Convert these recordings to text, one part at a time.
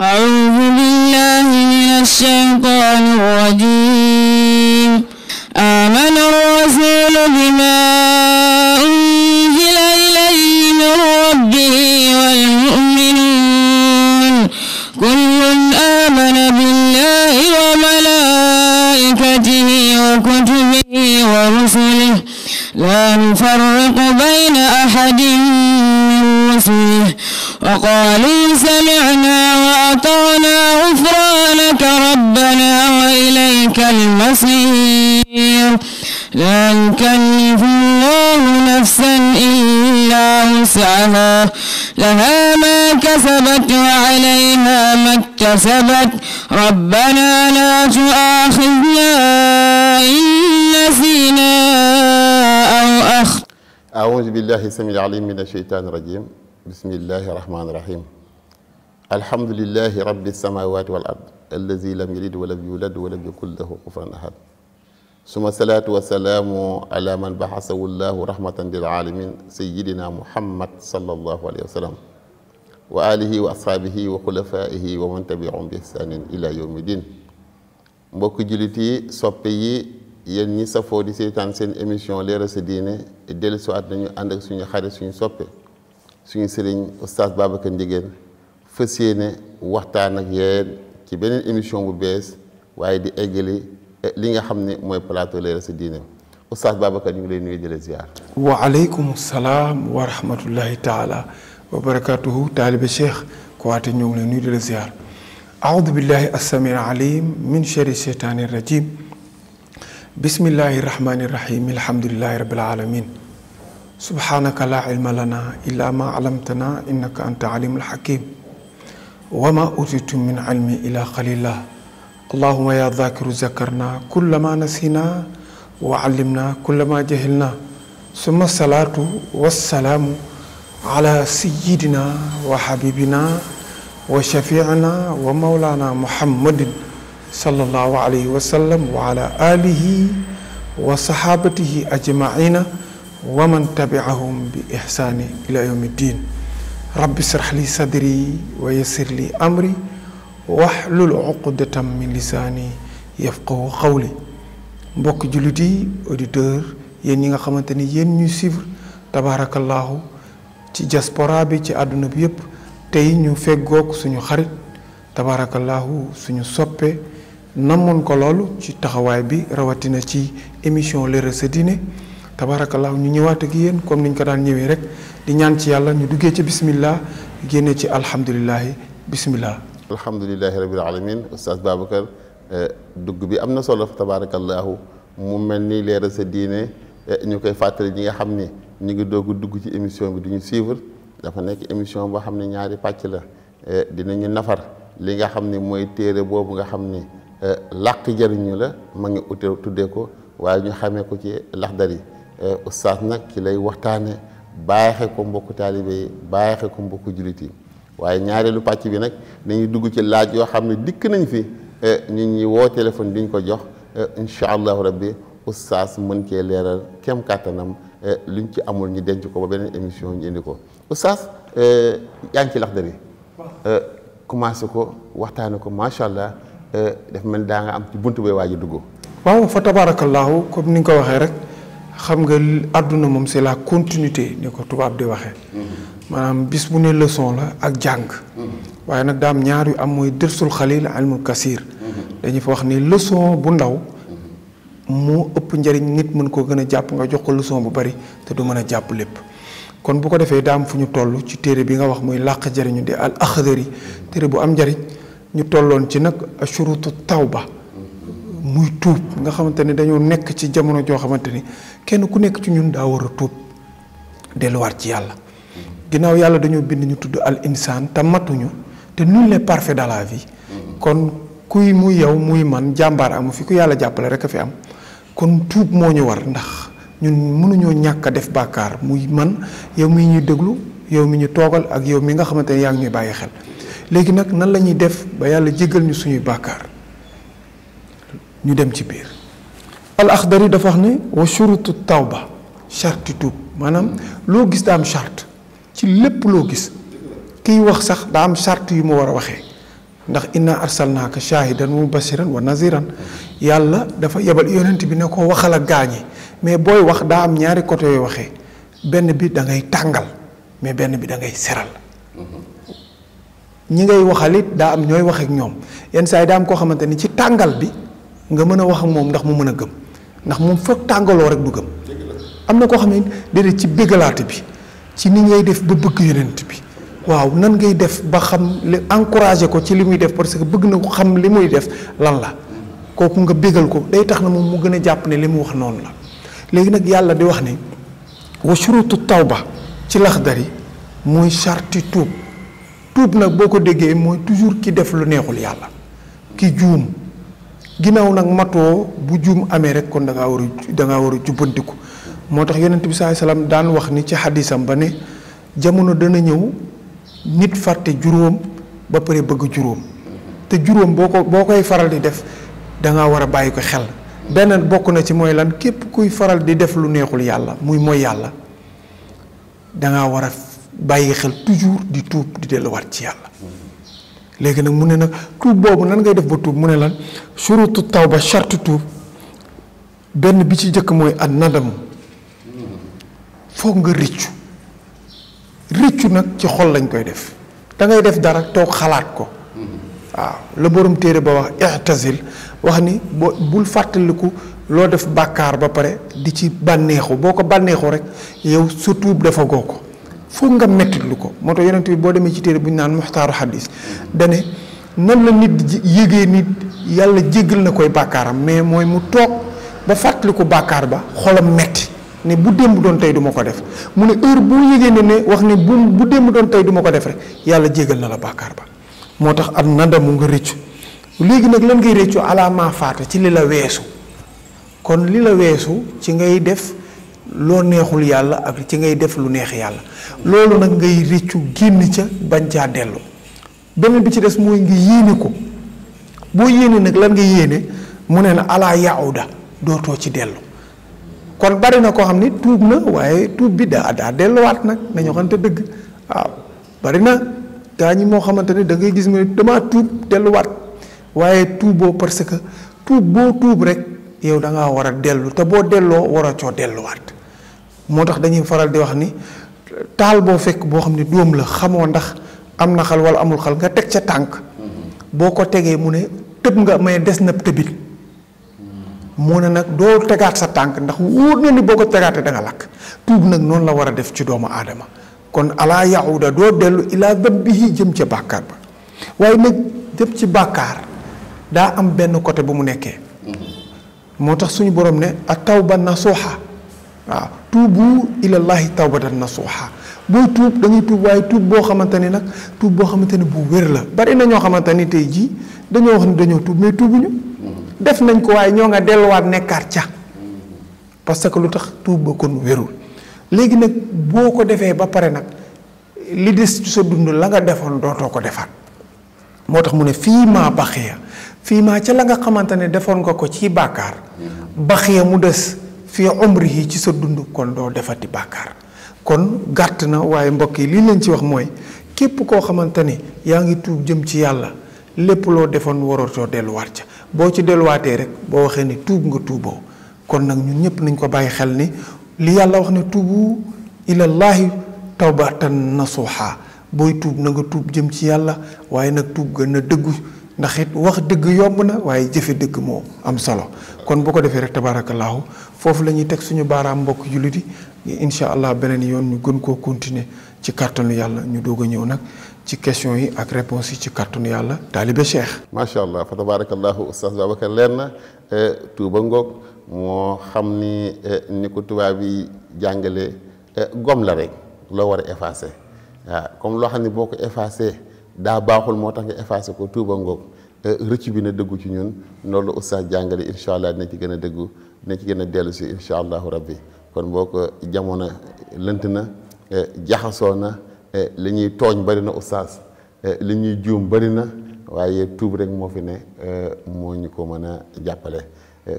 Oh. السميع العليم من الشيطان الرجيم بسم الله الرحمن الرحيم الحمد لله رب السماوات والأرض الذي لم يلد ولم يولد ولم يكن له كفوا أحد ثم الصلاة والسلام على من بعثه الله رحمة للعالمين سيدنا محمد صلى الله عليه وسلم وآله وأصحابه وخلفائه ومن تبعهم بإحسان إلى يوم الدين mbokk julit yi yen ñi safo di sétane seen émission léra sa diine dellu si waat nañu ànd ak suñu xarit suñu soppe suñu sëriñ oustaz Babacar ndigen fas yéene waxtaan ak yéen ci beneen émission bu bees waaye di eggali li nga xam ne mooy plateau léra sa diine oustaz Babacar ñu ngi lay nuyu di la ziar. wa alaykum salaam wa rahmatullahi taala wa barakaatuhu taalibe Cheikh Kouate ñu ngi lay nuyu di la ziar. aoudu billahi assamii alim min chari cheytaani rajim بسم الله الرحمن الرحيم الحمد لله رب العالمين سبحانك لا علم لنا إلا ما علمتنا إنك أنت عليم الحكيم وما أوتيتم من علم إلى قليلا اللهم يا ذاكر ذكرنا كل ما نسينا وعلمنا كل ما جهلنا ثم الصلاة والسلام على سيدنا وحبيبنا وشفيعنا ومولانا محمد sallallahu alayhi wa sallam wa ala alihi wa sahabatihi ajmaina wa man tabiahum bi ihsaani ila yawmi ddin rabbi srah li sadri wa yassir li amri waxlul uqdatam min lisaani yafqahu qawli mbokk jullit yi auditeur yéen ñi nga xamante ni yéen ñuy suivre tabaarakallaahu ci diaspora bi ci àdduna bi yépp tey ñu feggoog suñu xarit tabaarakallaahu suñu soppe namoon ko loolu ci taxawaay bi rawatina ci émission Leral sa diine tabaarakallaahu ñu ñëwaat ak yéen comme ñu ko daan ñëwee rek di ñaan ci yàlla ñu duggee ci bismillah génne ci alhamdulilahi bismillah alhamdulilahi rabil alamin oustaz Babacar eh, dugg bi am na solo tabaarakallaahu mu mel ni Leral sa diine eh, ñu koy fàttali ñi nga xam ni ñu ngi doog dugg ci émission bi duñu ñu suivre dafa nekk émission boo xam ne ñaari pàcc la eh, dinañu nafar li nga xam ni mooy téere boobu nga xam ni Euh, làq jëriñu la ma ngi ute tuddee ko waaye ñu xamee ko ci Laxdari euh, ustaas nag ci lay waxtaane baaxe ko mbokku taalibe yi baaxe ko mbokku jullit yi waaye ñaareelu pàcc bi nag dañuy dugg ci laaj yoo xam ne dikk nañ fi euh, ñu ñi woo téléphone ñu ko jox incha allahu rabbi ustaas mën kee leeral kem kàttanam luñ ci amul ñu denc ko ba beneen émission ñu indi ko ustaas yaa ngi ci Laxdari commencé ko waxtaane ko macha allah. Euh, daf mel daa nga am ci buntu bee waaj a dugg. waaw fa tabaarakallaahu comme ni nga ko waxee rek xam nga àdduna moom c'est la continuité ni ko tubaab di waxee. Mm-hmm. maanaam bis bu ne leçon la ak jàng. Mm-hmm. waaye nag daam ñaar yu am mooy dërsul xalil almul kasir. Mm-hmm. dañu fa wax ni leçon bu ndaw. moo ëpp njariñ nit mën koo gën a jàpp nga jox ko leçon bu bari te du mën a jàpp lépp kon bu ko defee daam fu ñu toll ci téere bi nga wax muy làq jariñu di al axdari téere bu am njariñ ñu tolloon ci nag taw ba muy tuub nga xamante ni dañoo nekk ci jamono joo xamante ni kenn ku nekk ci ñun daa war a tuub delluwaat ci yàlla ginnaaw yàlla dañoo bind ñu tudd al insaan te matuñu te nul n'est parfait dans la vie kon kuy muy yow muy man jàmbaar amu fi ku yàlla jàppale rek a fi am kon tuub moo ñu war ndax ñun mënuñoo ñàkk def bàkkaar muy man yow mi ñuy déglu yow mi ñu toogal ak yow mi nga xamante ne yaa ngi ñuy bàyyi xel léegi nag nan la ñuy def ba yàlla jéggal ñu suñuy bàkkaar ñu dem ci biir al axdari dafa wax ne wa taw ba charte tuub maanaam loo gis daa am charte ci lépp loo gis kiy wax sax daa am charte yu mu war a waxee ndax inna arsalnaaka shaahidan wa mubashiran wa naziran yàlla dafa yebal yonent bi ne ko waxal ak gaañi mais booy wax daa am ñaari côté yooyu waxee benn bi da ngay tàngal mais benn bi da ngay seral ñi ngay waxalit daa am ñooy waxeek ñoom yenn saa yi daa am koo xamante ni ci tàngal bi nga mën a wax ak moom ndax mu mën a gëm ndax moom foog tàngaloo rek du gëm am na koo xam ne déedéet ci bégalaate bi ci ni ngay def ba bëgg yonent bi waaw nan ngay def ba xam li encouragé ko ci li muy def parce que bëgg na ko xam li muy def lan la kooku nga bégal ko day tax na moom mu gën a jàpp ne li mu wax noonu la léegi nag yàlla di wax ne wa shurutu ba ci lax laxdari muy charti tuub tout nak boko ko moy toujours ki def lu neexul yalla ki juum ginaaw nak mato bu juum amé rek kon da nga waru da nga waru a jubbantiku moo tax yonent bi saa salaam daan wax ni ci haditham ba ne jamono dana ñew nit farté juróom ba paré bëgg juróom té juróom boko bokay faral di def da nga wara bayiko xel beneen bokku na ci moy lan képp kuy faral di def lu neexul yalla muy moy yalla da nga wara bàyyi xel toujours di tuub di delluwaat ci yàlla léegi nag mu ne nag tuub boobu nan ngay def ba tuub mu ne lan surutu ba charte tuub benn bi ci njëkk mooy ak nadam foog nga rëccu rëccu nag ci xol lañ koy def da ngay def dara toog xalaat ko waaw la borom téere ba wax i'tazil wax ni boo bul fàttaliku loo def bàkkaar ba pare di ci bànneexu boo ko bànneexu rek yow sa tuub dafa goo ko foog nga mettit lu ko moo tax yonent bi boo demee ci téere bu ñu naan muxtaaru xadis dane nan la nit yëgee nit yàlla jéggal na koy bàkkaaram mais mooy mu toog ba fàttaliku bàkkaar ba xolam metti ne bu démb doon tey duma ko def mu ne heure boo yëgee ne ne wax ne bu bu démb doon tey duma ko def rek yàlla jéggal na la bàkkaar ba moo tax am nandamu nga rëccu léegi nag lan ngay rëccu alaamaa faata ci li la weesu kon li la weesu ci ngay def loo neexul yàlla ak ci ngay def lu neex yàlla loolu nag ngay rëccu génn ca bañ caa dellu beneen bi ci des mooy ngi yéene ko boo yéene nag lan nga yéene mu ne na alaa yaawda dootoo ci dellu kon bari na koo xam ne tuub na waaye tuub bi daa daa delluwaat nag nañu xamante dëgg waaw bari na gaa ñi moo xamante ne da ngay gis mu damaa tuub delluwaat waaye tuuboo parce que tuub boo tuub rek yow da ngaa war a dellu te boo delloo war a coo delluwaat moo tax dañuy faral di wax ni taal boo fekk boo xam ne doom la xamoo ndax am na xal wala amul xal nga teg ca tànk boo ko tegee mu ne tëb nga may des na tëbit moo ne nag doo tegaat sa tànk ndax wóor na ni boo ko tegaatee danga nga lakk tuub nag noonu la war a def ci doomu aadama kon alaa yaxuda doo dellu ilaa dambihi jëm ca bàkkaar ba waaye nag jëm ci bàkkaar daa am benn côté bu mu nekkee mm-hmm. moo tax suñu boroom ne ak taw ba nasuuxa waaw ila allah tawbatan nasuha booy tub dañuy tub way tub bo xamanteni nak ni bo xamanteni ni bu wér la bari na ño xamanteni ni ji dañu wax ni dañu tub mais tuubuñu def nañ ko way ño nga wat nekkaat ca parce que lutax tub ba kon wérul léegi nak boko ko ba pare nak li dess ci sa dund la nga defoon dootoo ko defat motax mu ne fi ma baxiya fi ma ci la nga xamanteni defon nga ko ci bakar baxiya mu dess fi umrihi ci sa dund kon do defati bakar kon gàtt na waaye mbokk yi li len ci wax moy kep ko xamante ni ngi tuub jëm ci yàlla lépp loo defoon waratoo delluwaat ca boo ci waté rek bo waxé ni tuub nga tuubo kon nak ñun ñepp nañ ko bayyi xel ni li yalla wax ni tuubu allah tawbatan nasuha booy tuub na nga tuub jëm ci yalla waye nak tuub gën a ndax it wax yomb na waye mo am solo kon bu ko defé rek tabarakallah foofu la ñuy teg suñu baaraam mbokk jullit yi incha allah beneen yoon ñu gën koo continuer ci kàttanu yàlla ñu doog a ñëw nag ci question yi ak réponse yi ci kàttanu yàlla taalibe cheikh macha allah fa tabarakallahu oustaz Babacar leer na eh, tuuba ngoog moo xam ni eh, ni ko tubaab yi jàngale eh, gom la rek loo war a effacer waaw comme loo xam ne boo ko effacer daa baaxul moo tax nga effacer ko tuuba ngoog rëcc bi na dëggu ci ñun loolu oustaz jàngale incha allah dina ci gën a dëggu ne ci gën a dellu si incha allahu rabbi kon boo ko jamono lënt na eh, jaxasoo na eh, li ñuy tooñ bari na ustaas eh, li ñuy juum bari na waaye tuub rek moo fi ne moo ñu ko mën a jàppale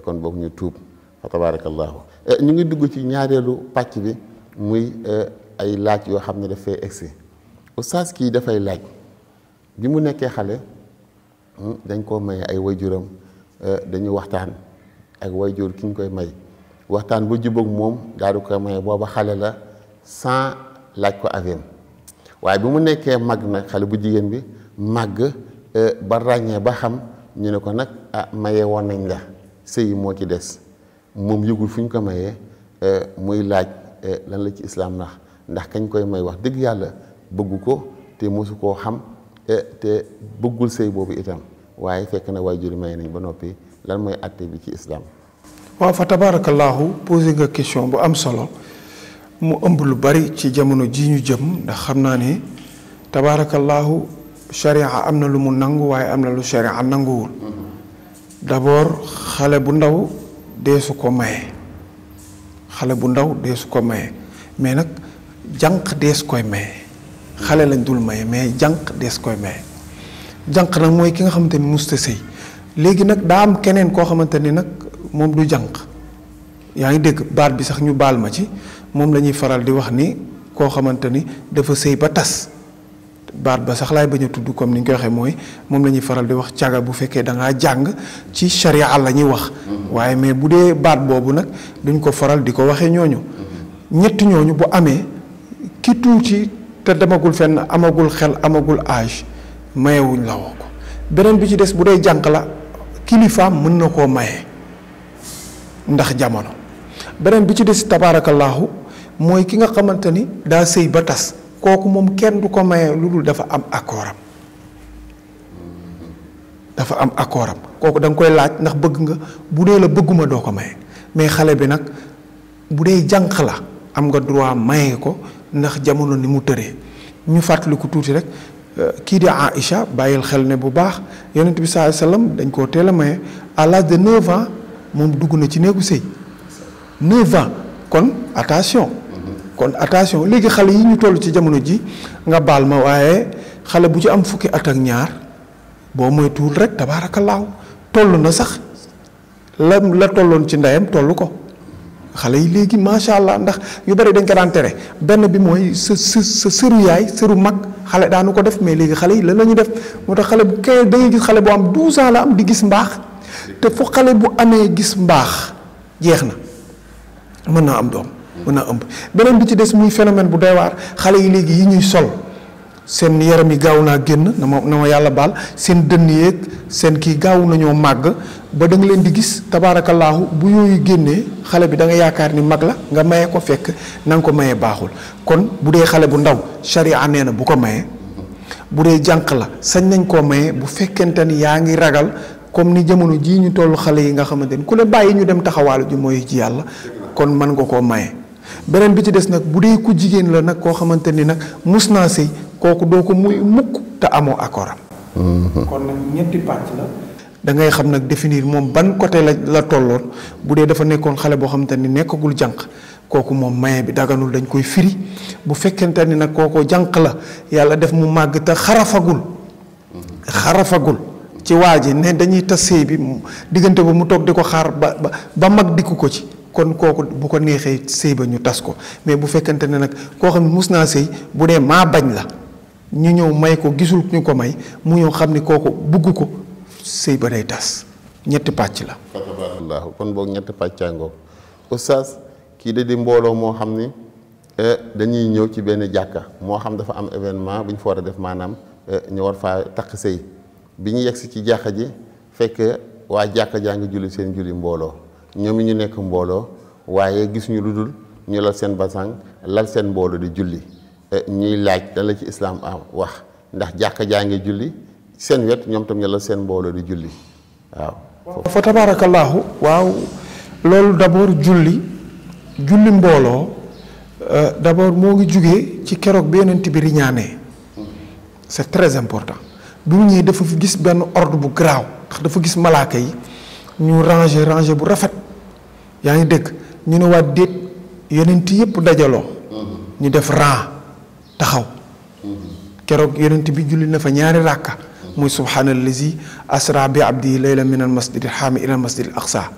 kon boog ñu tuub fa tabarakallahu ñu ngi dugg ci ñaareelu pàcc bi muy ay laaj yoo xam ne dafay egsi ustaas kii dafay laaj bi mu nekkee xale hmm, dañ koo maye ay waajuram dañu waxtaan ak wayjur ki ñu koy may waxtaan bu jubóog moom daal di koy may booba xale la sans laaj ko avim waaye bi mu nekkee màgg nag xale bu jigéen bi màgg euh, ba ràññee ba xam ñu ne ko nag ah maye woon nañ la sëy moo ci des moom yëgul fu ñu ko mayee euh, muy laaj euh, lan la ci islaam ndax ndax kañ koy may wax dëgg yàlla bëgg ko te mosu koo xam te bëggul sëy boobu itam waaye fekk na waajur may nañ ba noppi lan mooy àtte bi ci islam. waaw fa tabaarakallaahu posé nga question bu am solo mu ëmb lu bari ci jamono ji ñu jëm ndax xam naa ne tabaarakallaahu sharia am na lu mu nangu waaye am na lu sharia nanguwul d'abord xale bu ndaw deesu ko maye xale bu ndaw deesu ko maye mais nag jànq dees koy maye xale lañ dul maye mais jànq dees koy maye jànq nag mooy ki nga xamante ni musta sëy léegi nak da am keneen koo xamanteni nak nag moom du jànq yaa ngi dégg baat bi sax ñu baal ma ci moom la ñuy faral di wax ni koo xamanteni dafa sëy ba tas baat ba sax laay bañ a tudd comme ni nga waxee mooy moom la ñuy faral di wax caga bu fekkee da ngaa jàng ci sharia la ñuy wax. Mm-hmm. waaye mais bu dee baat boobu nag duñ ko faral di ko waxee ñooñu. Mm-hmm. ñett ñooñu bu amee ki tuuti te demagul fenn amagul xel amagul âge mayewuñ la woo ko beneen bi ci des bu dee jànq la kilifa mën na ko maye ndax jamono benen bi ci dess tabarakallah moy ki nga xamanteni da sey ba tas koku mom kenn du ko maye lulul dafa am accordam dafa am accordam koku dang koy laaj ndax bëgg nga bu dee la bëgguma do ko maye mais xalé bi nak bu la am nga droit maye ko ndax jamono ni mu tëree ñu fatlikou touti rek Euh, kii di Aïcha bàyyil xel ne bu baax yonent bi saa sallam dañ koo teel a maye à l'âge de 9 moom dugg na ci néegu sëy 9 ans kon attention. kon attention léegi xale yi ñu toll ci jamono ji nga baal ma waaye xale bu ci am fukki at ak ñaar boo moytuwul rek tabaarakallaahu toll na sax la la tolloon ci ndeyam toll ko. xale yi léegi macha allah ndax yu bari dañ ko daan tere benn bi mooy sa sa sa sëru yaay sëru mag xale daanu ko def mais léegi xale yi lan la ñuy def moo tax xale bu kay da ngay gis xale bu am 12 ans la am di gis mbaax te fu xale bu amee gis mbaax jeex na mën naa am doom mën naa ëmb beneen bi ci des muy phénomène bu doy xale yi léegi yi ñuy sol. seen yaram yi gaaw naa génn na ma na ma yàlla baal seen dënn yeeg seen kii gaaw nañoo màgg ba da leen di gis tabaarakallaahu bu yooyu génnee xale bi danga yaakaar ni mag la nga maye ko fekk na nga ko maye baaxul kon bu dee xale bu ndaw charia nee na bu ko maye bu dee jànq la sañ nañ koo maye bu fekkente ni yaa ngi ragal comme ni jamono jii ñu toll xale yi nga xamante ni ku leen bàyyi ñu dem taxawaalu ji mooy ci yàlla kon mën nga koo maye. benen bi ci des nak budi ku jigen la nak ko xamanteni nak musna mus koku sëy ko muy mukk ta amo accord hmm kon nak ñetti pàcc la da ngay xam nak définir mom ban côté la la tolloon budé dafa nekkon xalé bo xamanteni ni jank koku mom maye bi daganul dañ koy firi bu fekkente ni nag kooko la yalla def mu mag ta xarafagul mm-hmm. xarafagul ci waji ne dañuy tassé bi digënté ba mu tok diko xaar ba ba mag dikku ko ci kon kooku bu ko neexee sëy ba ñu tas ko mais bu fekkante ne nag koo xam ne mus naa sëy bu dee maa bañ la ñu ñëw may ko gisul ñu ko may mu ñëw xam ni kooku bugg ko sëy ba day tas ñetti pàcc la. waaw kon boog ñetti pàccaangoo oustaz kii da di mbooloo moo xam ni eh, dañuy ñëw ci benn jàkka moo xam dafa am événement bu ñu fa war a def maanaam eh, ñu war faa taq sëy bi ñu yegsi ci jàkka ji fekk waa jàkka jaa ngi julli seen julli mbooloo. ñoom ñu nekk mbooloo waaye gis ñu lu dul ñu la seen basan lal seen mbooloo di julli e, ñuy laaj lan la ci islaam am wax ndax jàkk jaa ngi julli seen wet ñoom tam ñu la seen mbooloo di julli waaw. fa tabaarakallaahu waaw loolu d'abord julli julli mbooloo e, d'abord moo ngi jugee ci keroog bi yonent bi riñaanee c'est très important bi mu ñëwee dafa gis benn ordre bu garaaw ndax dafa gis malaaka yi. ñu ranger ranger bu rafet yaa ngi dëkk ñu ne waa déet yonent yëpp dajaloo. Mm-hmm. ñu def ran taxaw. Mm-hmm. keroog yenent bi julli na fa ñaari ràkka mm-hmm. muy subhaanallazi asra bi abdihi layla min al masjid al xaami ila al masjid al aqsa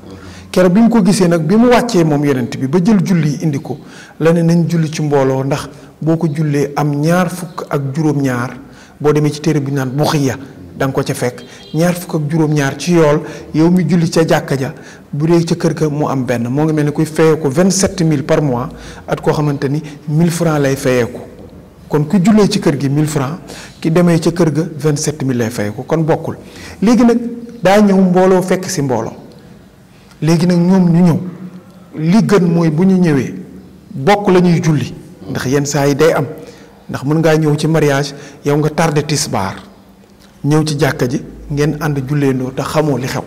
keroog bi mu ko gisee nag bi mu wàccee moom yenent bi ba jël julli indi ko la ne nañ julli ci mbooloo ndax boo ko jullee am ñaar fukk ak juróom-ñaar boo demee ci téere bi naan buxiya dang ko ca fek ñaar fuk ak juroom ñaar ci yool yow mi julli ca jakka ja bu dee ca kër ga mu am benn moo ngi mel ni kuy fayeeku vingt sept mille par mois at koo xamante ni mille franc lay fayeeku kon ku jullee ci kër gi mille franc ki demee ca kër ga vingt sept mille lay kon bokkul léegi nag daa ñëw mbooloo fekk si mbooloo léegi nag ñoom ñu ñëw li gën mooy bu ñu ñëwee bokk la ñuy julli ndax yenn saa yi day am ndax mën ngaa ñëw ci mariage yow nga tardé tisbaar ñëw ci jàkka ji ngeen ànd julleendoo te xamoo li xew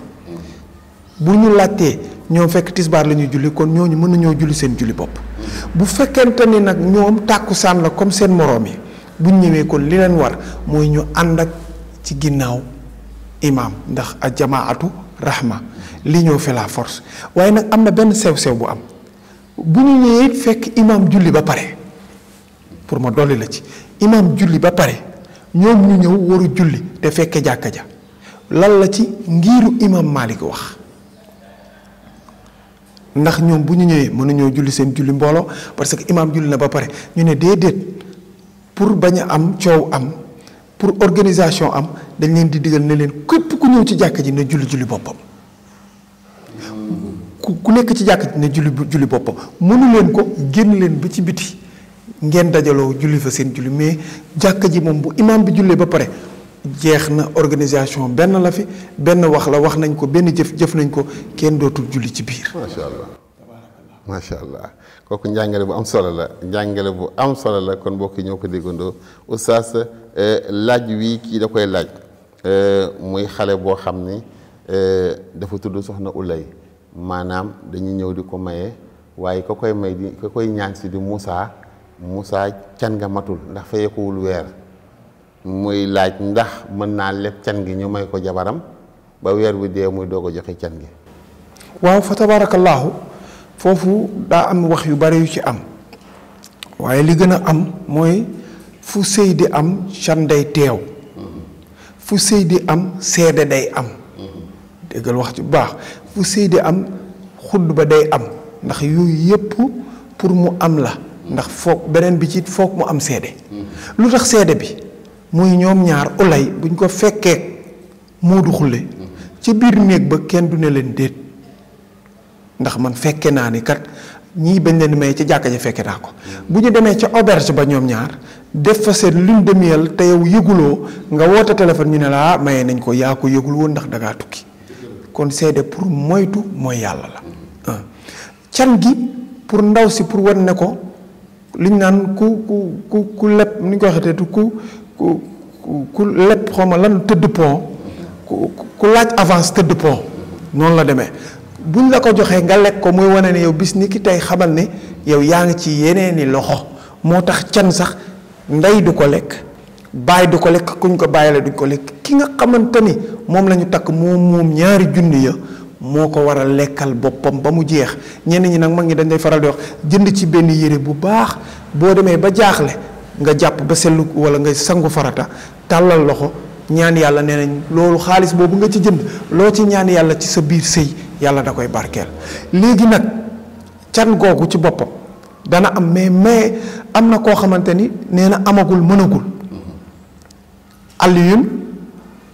bu ñu laajtee ñoom fekk tisbaar la ñuy julli kon ñooñu mën nañoo julli seen julli bopp bu fekkente ni nag ñoom tàkkusaan la comme seen moroom yi bu ñu ñëwee kon li leen war mooy ñu ànd ak ci ginnaaw imaam ndax a jamaatu rahma li ñoo fait la force waaye nag am na benn sew-sew bu am bu ñu ñëwee fekk imaam julli ba pare pour ma dolli la ci imaam julli ba pare ñoom ñu ñëw waru julli te fekk jàkka ja lan la ci ngiiru imam Malik wax ndax ñoom bu ñu ñëwee mënuñoo julli seen julli mbooloo parce que imaam julli na ba pare ñu ne déedéet pour bañ a am coow am pour organisation am dañ leen di digal ne leen képp ku ñëw ci jàkka ji ne julli julli boppam ku ku nekk ci jàkka ji ne julli julli boppam mënu leen ko génn leen ba ci biti ngeen dajaloo julli fa seen julli mais jàkka ji moom bu imaam bi jullee ba pare jeex na organisation benn la fi benn wax la wax nañ ko benn jëf jëf nañ ko kenn dootul julli ci biir. macha allah macha allah kooku njàngale bu am solo la njàngale bu am solo la kon mbokk yi ñëw ko déggandoo oustaz eh, laaj wi kii da koy laaj eh, muy xale boo xam ni eh, dafa tudd soxna Ulay maanaam dañuy ñëw di ko maye waaye ka koy may di ka koy ñaan si di Moussa. Moussa can nga matul ndax fayekuwul weer muy laaj ndax mën naa leb can gi ñu may ko jabaram ba weer wi dee muy doo ko joxe can gi waaw fa tabaarakallaahu foofu daa am wax yu bare yu ci am waaye li gën a am mooy fu sëy di am can day teew fu sëy di am seede day am déggal wax ci bu baax fu sëy di am xudd ba day am ndax yuy yépp pour mu am la ndax foog beneen bi ci foog mu am seede lu tax seede bi muy ñoom ñaar ulay buñ ko fekkee du xule ca biir néeg ba kenn du ne leen déet ndax man fekke naa ni kat ñii bañ leen may ca jàkka ja fekke naa ko bu ñu demee ca auberge ba ñoom ñaar def fa seen lune de miel te yëguloo nga woote téléphone ñu ne laa ah, maye nañ ko yaa ko yëgul woon ndax dangaa tukki kon seede pour moytu mooy yàlla la can gi pour ndaw si pour wan ne ko liñ naan ku ku ku ku lepp ni ñu ko waxee ku ku ku ku lepp xaw ma lan tëdd pont ku ku laaj avance tëdd pont noonu la demee buñ la ko joxee nga lekk ko muy wane ne yow bis ni ki tey xamal ne yow yaa ngi ci yeneeni loxo moo tax can sax ndey du ko lekk bàyyi du ko lekk kuñ ko bàyyi la duñ ko lekk ki nga xamante ni moom la ñu takk moom moom ñaari junni ya moko wara lekkal bopam ba mu jeex ñen ñi nak ma ngi dañ lay faral di wax jënd ci benn yéré bu baax bo démé ba jaaxlé nga japp ba sellu wala nga sangu farata talal loxo ñaan yalla nenañ lolu xaaliss bobu nga ci jënd lo ci ñaan yalla ci sa biir sey yalla da koy barkel légui nak cyan gogu ci bopam dana am mais mais am na xamanteni xamante amagul monogul aliyun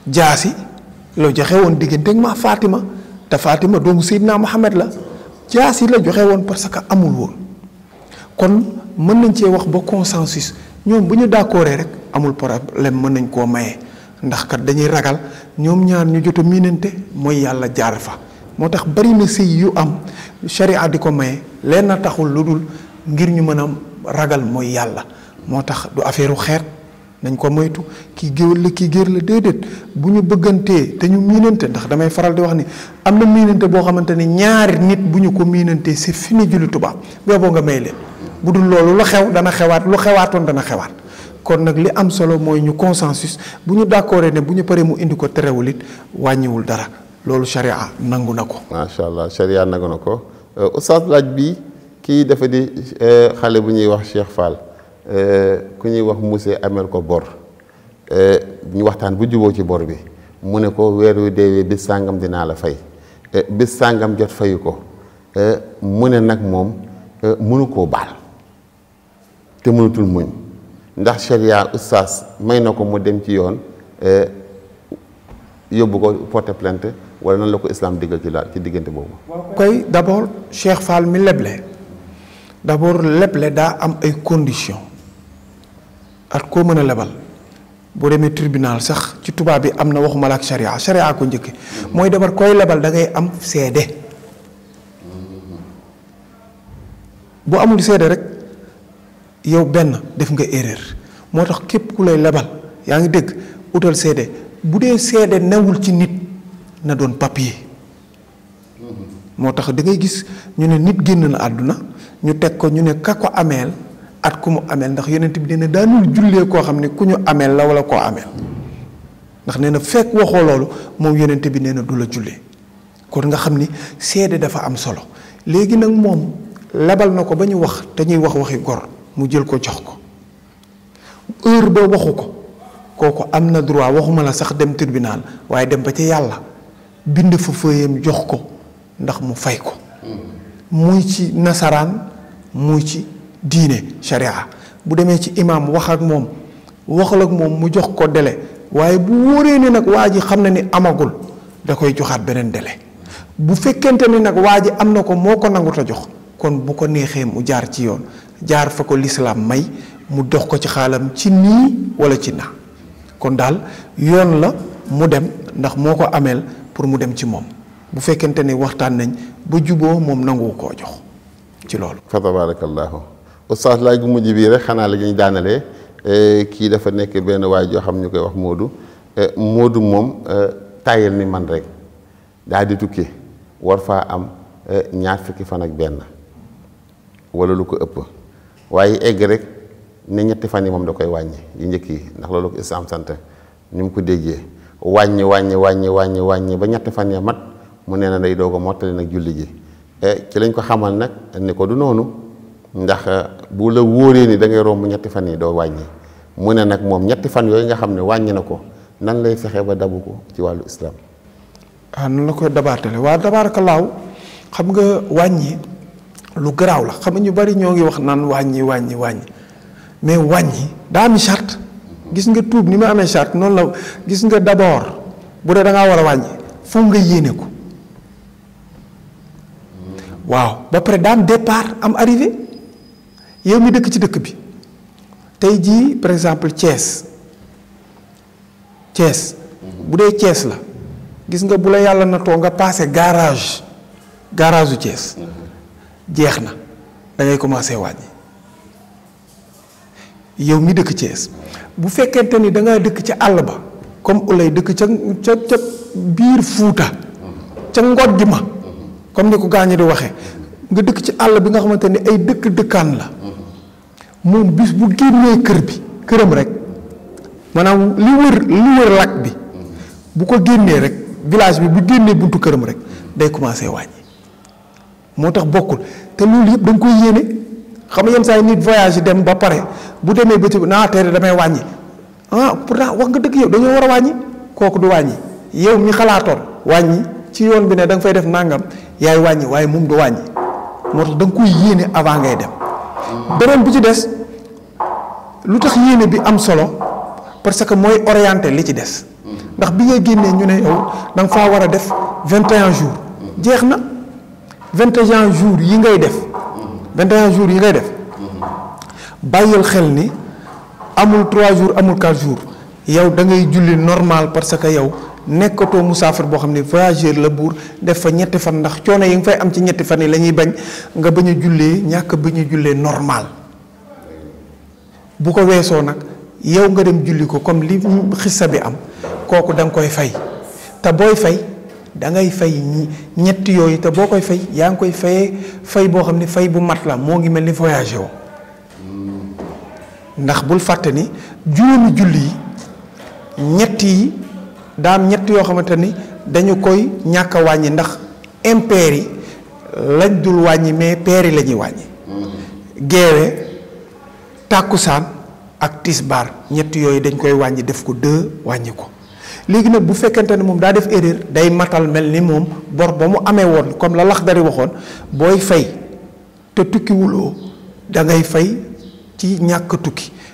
jasi lo joxewon woon ma fatima te Fatima doomu Seydina Mohamed la jaas yi la joxe woon parce que amul woon kon mën nañ cee wax ba consensus ñoom bu ñu d'accordee rek amul problème mën nañ koo maye ndax kat dañuy ragal ñoom ñaar ñu jot miinante mooy yàlla jaar fa. moo tax bari na sëy yu am sharia di ko maye leen na taxul lu dul ngir ñu mën a ragal mooy yàlla moo tax du affaire xeet. nañ ko moytu kii géwél la kii géer la déedéet bu ñu bëggantee te ñu miinante ndax damay faral di wax ni am na miinante boo xamante ne ñaari nit bu ñu ko miinantee fi fini julli tubaab booboo nga may leen bu dul loolu la xew dana xewaat lu xewaatoon dana xewaat kon nag li am solo mooy ñu consensus bu ñu d'accord ne bu ñu paree mu indi ko terewul it wàññiwul dara loolu sharia nangu na ko. macha allah sharia nangu na ko euh, oustaz laaj bi kii dafa di euh, xale bu ñuy wax Cheikh Fall. Euh, ku ñuy wax monsieur ameel ko bor euh, ñu waxtaan bu juboo ci bor bi mu ne ko weer wi deewee bis sàngam dinaa la fay euh, bis sàngam jot fayu ko mu ne nag moom mënu koo baal te mënatul muñ ndax sharia ustaas may na ko mu dem ci yoon yóbbu ko porter plainte wala nan la ko islam diggal ci la ci diggante boobu. koy d' abord Cheikh mi leble d' leble daa am ay conditions. ak ko meuna lebal bu demé tribunal sax ci tuba bi am na waxuma lak sharia sharia ko ndiek moy dabar koy lebal da am seede bu amul seede rek yow ben def nga erreur motax kep képp ku lay lebal yaa ngi dégg utal seede bu dee seede newul ci nit na don papier motax da ngay gis ñu ne nit genn na aduna ñu tek ko ñu ne ka amel. at ku mu ameel ndax yonent bi nee na daanul jullee koo xam ne ku ñu ameel la wala koo ameel ndax nee na fekk waxoo loolu moom yonent bi nee na du la jullee kon nga xam ni seede dafa am solo léegi nag moom labal na ko ba ñu wax te ñuy wax waxi gor mu jël ko jox ko heure ba waxu ko kooku am na droit waxuma la sax dem tribunal waaye dem ba ca yàlla bind fa fëyeem jox ko ndax mu fay ko mm. muy ci nasaraan muy ci diine sharia bu demee ci imaam wax ak moom waxal ak moom mu jox ko délai waaye bu wóoree ne nag waa ji xam na ni amagul da koy joxaat beneen dele bu fekkente ni nag waa ji am na ko moo ko nangut a jox kon bu ko neexee mu jaar ci yoon jaar fa ko lislaam may mu dox ko ci xaalam ci nii wala ci na kon daal yoon la mu dem ndax moo ko ameel pour mu dem ci moom bu fekkente ni waxtaan nañ ba juboo moom nanguwu koo jox ci loolu fa tabarakallahu oustaz laaj gu mujj bii rek xanaa la ñuy daanalee eh, kii dafa nekk benn waay joo xam ñu koy wax Modou eh, Modou moom eh, tayal ni man rek daal di tukki war faa am ñaar fukki fan ak benn walla lu ko ëpp waaye egg rek ne ñetti fan yi moom da koy wàññi yu njëkk yi ndax loolu ko islaam sant ñu mu ko déggee wàññi wàññi wàññi wàññi wàññi ba ñetti fan ya mat mu nee na day doog a mottali nag julli ji ci lañ ko xamal nag ni ko du noonu ndax euh, bu la wóoree nii da ngay romb ñetti fan yi doo wàññi mu ne nag moom ñetti fan yooyu nga xam ne wàññi na ko nan lay fexe ba dabu ko ci wàllu islam. ah nan la koy dabaatale waa dabaarakalaaw xam nga wàññi lu garaaw la xam nga ñu bari ñoo ngi wax nan wàññi wàññi wàññi mais wàññi daa am charte gis nga tuub ni ma amee charte noonu la gis nga d'abord bu dee da war a wàññi foo nga yéene ko hmm. waaw ba pare daa am départ am arrivé. yow mi dëkk ci dëkk bi tey jii par exemple Thiès Thiès bu dee Thiès la gis nga bu la yàlla natoo nga passé garage garage u Thiès jeex na da ngay commencé wàññi yow mi dëkk Thiès bu fekkente ni da nga dëkk ci àll ba comme ulay dëkk ca ca ca biir fuuta ca ngod ma comme ni ko gaañu di waxe nga dëkk ci àll bi nga xamante ni ay dëkk dëkkaan la moom bis bu génnee kër bi këram rek maanaam li wër li wër làkk bi bu ko génnee rek village bi bu génnee buntu këram rek day commencé wàññi moo tax bokkul te loolu yëpp da nga koy yéene xam nga yenn saa yi nit voyage dem ba pare bu demee bëti ci naa teere damay wàññi ah pourtant wax nga dëgg yow dañoo war a wàññi kooku du wàññi yow mi xalaatoon wàññi ci yoon bi ne da nga fay def nangam yaay wàññi waaye moom du wàññi moo tax da nga koy yéene avant ngay dem. beneen bi ci des lu tax yéene bi am solo parce que mooy orienté li ci des ndax bi ngay génnee ñu ne yow da faa war a def vingt et jours jeex na vingt et jours yi ngay def vingt et jours yi ngay def bàyyil xel ni amul trois jours amul quatre jours yow da ngay julli normal parce que yow nekkatoo musaafar boo xam ne voyageur la buur def fa ñetti fan ndax coono yi nga fay am ci ñetti fan yi la ñuy bañ nga bañ a jullee ñàkk ba ñu jullee normal bu ko weesoo nag yow nga dem julli ko comme li xissa bi am kooku danga koy fay te booy fay dangay ngay fay ñetti yooyu te boo koy fay yaa ngi koy fayee fay boo xam ne fay bu mat la moo ngi mel ni voyagé woo ndax bul fàtte ni juróomi julli yi ñetti yi daam ñett yoo xamante ni dañu koy ñàkk wàññi ndax impair yi lañ dul wàññi mais pair yi la ñuy wàññi geewe tàkkusaan ak tisbaar ñett yooyu dañ koy wàññi def ko deux wàññi ko léegi nag bu fekkente ne moom daa def erreur day matal mel ni moom bor ba mu amee woon comme la lax dari waxoon booy fay te tukkiwuloo da ngay fay ci ñàkk tukki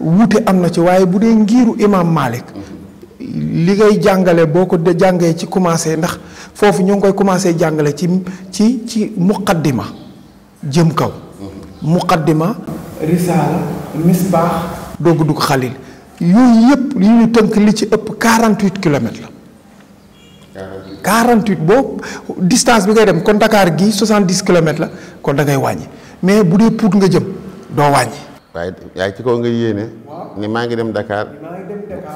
wuute am na ci waaye bu dee ngiiru imaam Malik li ngay jàngale boo ko de jàngee ci commencé ndax foofu ñoo ngi koy commencé jàngale ci ci ci muqaddima jëm kaw muqaddima risaala misbaax doogu dugg xalil yooyu yëpp li ñu tënk li ci ëpp 48 kilomètres la 48 boo distance bi ngay dem kon ndakaar gi 70 kilomètres la kon da ngay wàññi mais bu dee Pout nga jëm doo wàññi waaye yaay ci kaw nga yéene. ni ma ngi dem Dakar.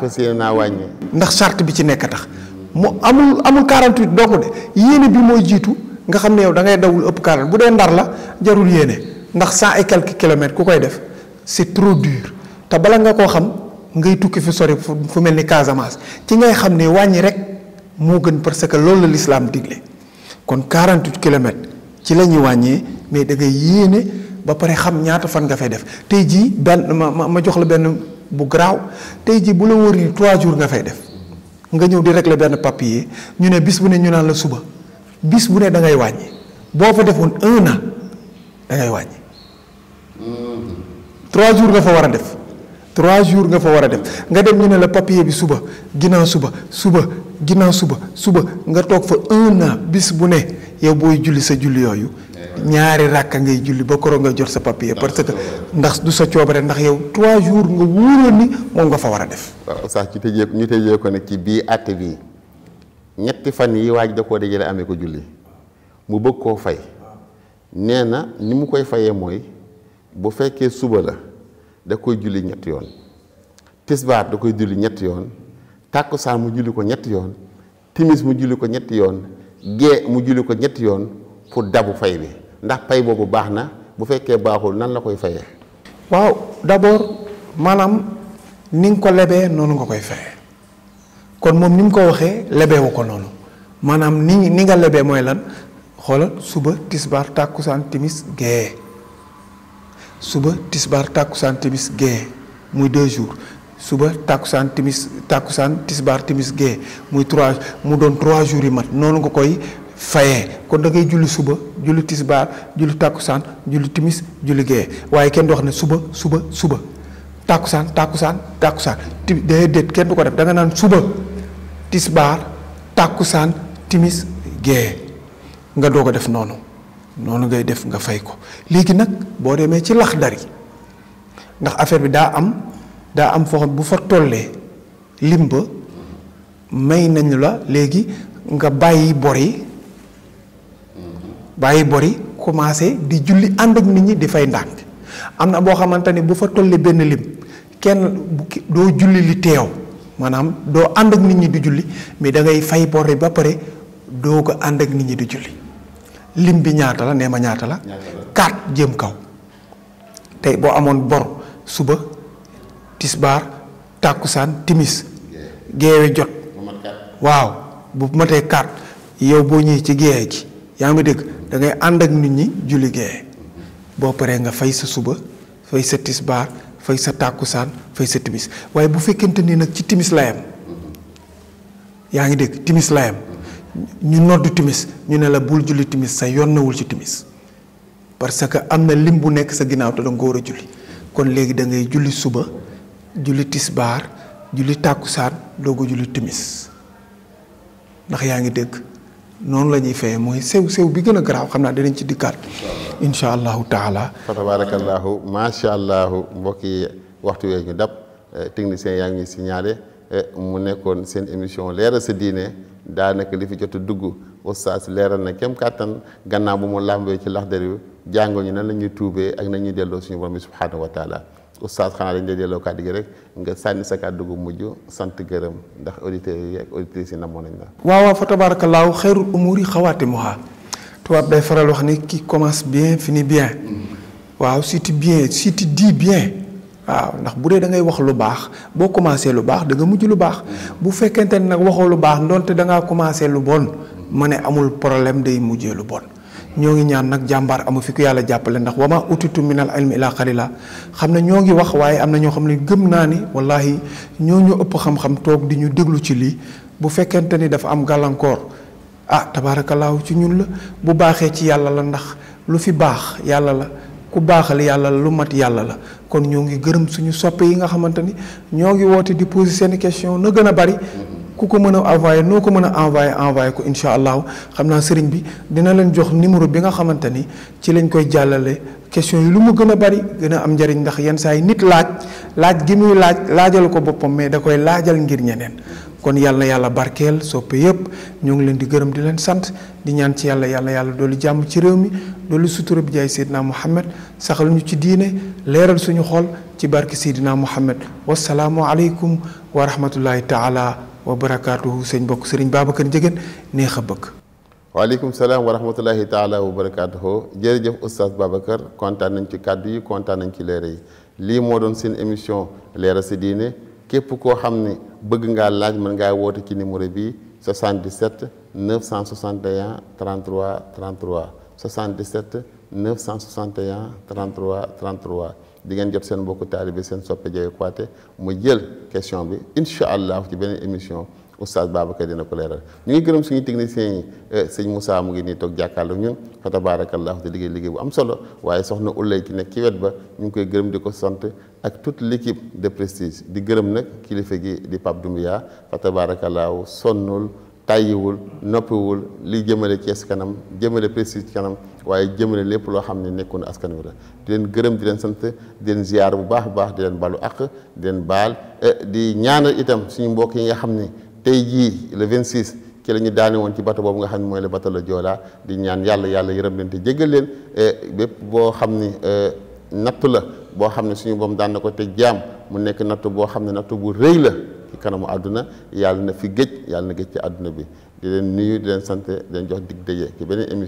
fas na naa wàññi. ndax charte bi ci nekk tax mu amul amul 48 dong de yene bi mooy jiitu nga xam ne yow da ngay dawul ëpp 40 bu dee ndar la jarul yéene ndax cent et quelques kilomètres ku koy def c'est trop dur te bala nga koo xam ngay tukki fu sori fu mel Casamance ci ngay ne wàññi rek moo gën parce que loolu l'islam kon 48 kilomètres ci la ñuy wàññee mais da ngay ba pare xam ñaata fan nga fay def tey jii benn ma ma jox la benn bu graaw tey jii bu la wóor ni trois jours nga fay def nga ñëw di régler benn papier ñu ne bis bu ne ñu naan la suba bis bu ne da ngay wàññi boo fa defoon un an da ngay trois jours nga fa war a def trois jours nga fa war a def nga dem ñu ne la papier bi suba ginnaaw suba suba ginnaaw suba suba nga toog fa un bis bu ne yow booy julli sa julli yooyu. ñaari rakka ngay julli ba koro nga jot sa papier parce que ndax du sa coobare ndax yow trois jours nga wóoroon ni moom nga fa war a def waaw sax ci tëjee ñu tëjee ko nag ci bii àtte bii ñetti fan yi waaj da koo dajale amee ko julli mu bëgg koo fay nee na ni mu koy fayee mooy bu fekkee suba la da koy julli ñetti yoon tisbaar da koy julli ñetti yoon tàkkusaan mu julli ko ñetti yoon timis mu julli ko ñetti yoon gee mu julli ko ñetti yoon pour dabu fay bi ndax pay boobu baax na bu fekkee baaxul nan la koy fayee. waaw d'abord maanaam ni nga ko lebee noonu nga koy fayee kon moom ni mu ko waxee lebewu ko noonu maanaam ni ni nga lebee mooy lan xoolal suba tisbaar tàkkusaan timis gée suba tisbaar tàkkusaan timis gée muy deux jours suba tàkkusaan timis tàkkusaan tisbaar timis gée muy trois mu doon trois jours yi mat noonu nga koy. fayé kon da ngay julli suba julli tisbar julli takusan julli timis julli gué waye kenn do wax suba suba suba takusan takusan takusan, ti déedéet kenn du ko def da nga nan suba tisbar takusan timis gué nga do ko def nono noonu ngay def nga fay ko légui nak bo démé ci dari ndax affaire bi da am da am fo bu fa tollé limba may nañ la légui nga bayyi bor bàyyi bori commencé di julli ànd ak nit ñi di fay ndànk am na boo xamante ni bu fa tollee benn lim kenn doo julli li teew maanaam doo ànd ak nit ñi di julli mais da ngay fay bori ba pare doo ko ànd ak nit ñi di julli lim bi ñaata la nee ma ñaata la. kaat jëm kaw tey boo amoon bor suba tisbaar tàkkusaan timis geewe jot waaw bu matee kaat yow boo ñëwee ci geewe gi yaa ngi dégg da ngay and ak nit ñi julli ge bo paree nga fay sa suba fay sa tisbar fay sa takusan fay sa timis waye bu fekkente ni nak ci timis la yam yaangi deg timis la yam ñu noddu timis ñu ne la bul julli timis sa yoon ci timis parce que amna lim bu nek sa ginaaw da nga julli kon legi da ngay julli suba julli tisbar julli takusan doog julli timis ndax yaangi deg noonu la ñuy fayee mooy sew sew bi gën a garaaw xam naa dinañ ci dikkaat. incha allahu taala. fa tabarakallahu macha allahu mbokk yi waxtu yee ñu dab eh, technicien yaa ngi signalé eh, mu nekkoon seen émission leeral sa diine daanaka li fi jot a dugg oustaz leeral na kem kàttan gannaaw bu mu làmbee ci laxdar yu jàngo ñu nan la ñuy tuubee ak na ñuy delloo suñu borom bi subhanahu wa oustaz xana dañ dédé lo kàddu gi rek nga sanni sa kaddu gu mujj sant gërem ndax auditeur yi ak yi nañ la wa wa fa tabarakallah khairul umuri khawatimha tubaab day faral wax ni ki commence bien fini bien wa si tu bien si tu dis bien wa ndax boudé da ngay wax lu bax bo commencé lu bax da nga mujj lu bax bu fekkenté nak nag lu bax ndonte da nga commencé lu bon mané amul problème day mujjé lu bon ñoo ngi ñaan nag jàmbaar amu fi ku yàlla jàppale ndax wama utitu minal ilmi ila qalila xam ne ñoo ngi wax waaye am na ñoo xam ne gëm naa ni wallahi ñoo ñu ëpp xam-xam toog di ñu déglu ci lii bu fekkente ni dafa am gàllankoor ah tabaarakallaahu ci ñun la bu baaxee ci yàlla la ndax lu fi baax yàlla la ku baaxal yàlla la lu mat yàlla la kon ñoo ngi gërëm suñu soppee yi nga xamante ni ñoo ngi woote di poser seen question na gën a bari ku ko mën a envoyé noo ko mën a envoyé envoyé ko incha allahu xam naa sëriñ bi dina leen jox numéro bi nga xamante ni ci lañ koy jàllale question yi lu mu gën a bari gën am njariñ ndax yenn saa yi nit laaj laaj gi muy laaj laajal ko boppam mais da koy laajal ngir ñeneen kon yàlla yàlla barkeel soppe yëpp ñoo ngi leen di gërëm di leen sant di ñaan ci yàlla yàlla yàlla doolu jàmm ci réew mi doolu sutura bi jaay Seydina Muhammad saxal ñu ci diine leeral suñu xol ci barke Seydina Muhammad wasalaamu aleykum wa rahmatullahi taala wa barakaatuhu sëñ mbokk sëriñ Babacar Ndiéguène neex a bëgg. waaleykum salaam wa rahmatulahi taala wa barakaatuhu jërëjëf oustaz Babacar kontaan nañ ci kàddu yi kontaan nañu ci leer yi lii moo doon seen émission leeral sa diine képp koo xam ni bëgg nga laaj mën ngaa woote ci bi numéro bii 77 961 33 33 77 961 33 33. di ngeen jot sen mbokku talibé sen ont mu jël question bi inshallah ci émission oustad Babacar dina ko ñu ngi gërëm yi eh, Moussa mu ngi di liggéey liggéey bu am solo soxna Ulay ci ba ñu ngi koy gërëm ak toute l' de prestige di gërëm nag kilifa gi di Pape sonnul tàyyiwul noppiwul li jëmale Cees kanam jëmale Prestige kanam waaye jëmale lépp loo xam ne nekkoon askan wi la di leen gërëm di leen sant di leen ziar bu baax a baax di leen balu ak di baal eh, di ñaanal itam suñu mbokk yi nga xam ne tey jii le 26 ci la ñu daane woon ci bato boobu nga xam ne mooy le bato la di ñaan yàlla yàlla yërëm leen te jéggal leen eh, bépp boo xam ne eh, natt la boo xam ne suñu boom daan na ko te jaam mu nekk natt boo xam ne natt bu rëy la. كنامو أدنى يالنا في جد يالنا جت أدنى بي دين نيو دين سنتة دين جه دك ديه كبرن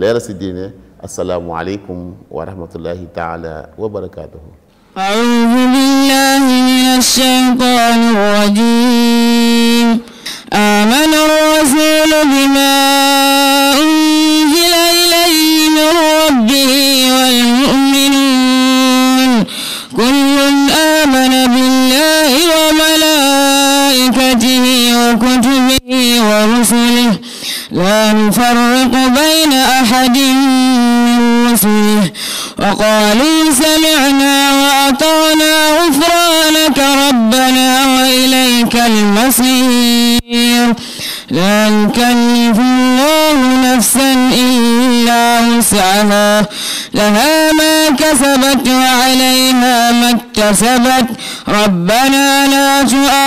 ليرة سدينة السلام عليكم ورحمة الله تعالى وبركاته أعوذ بالله من الشيطان الرجيم كسبت ربنا لا تؤاخذنا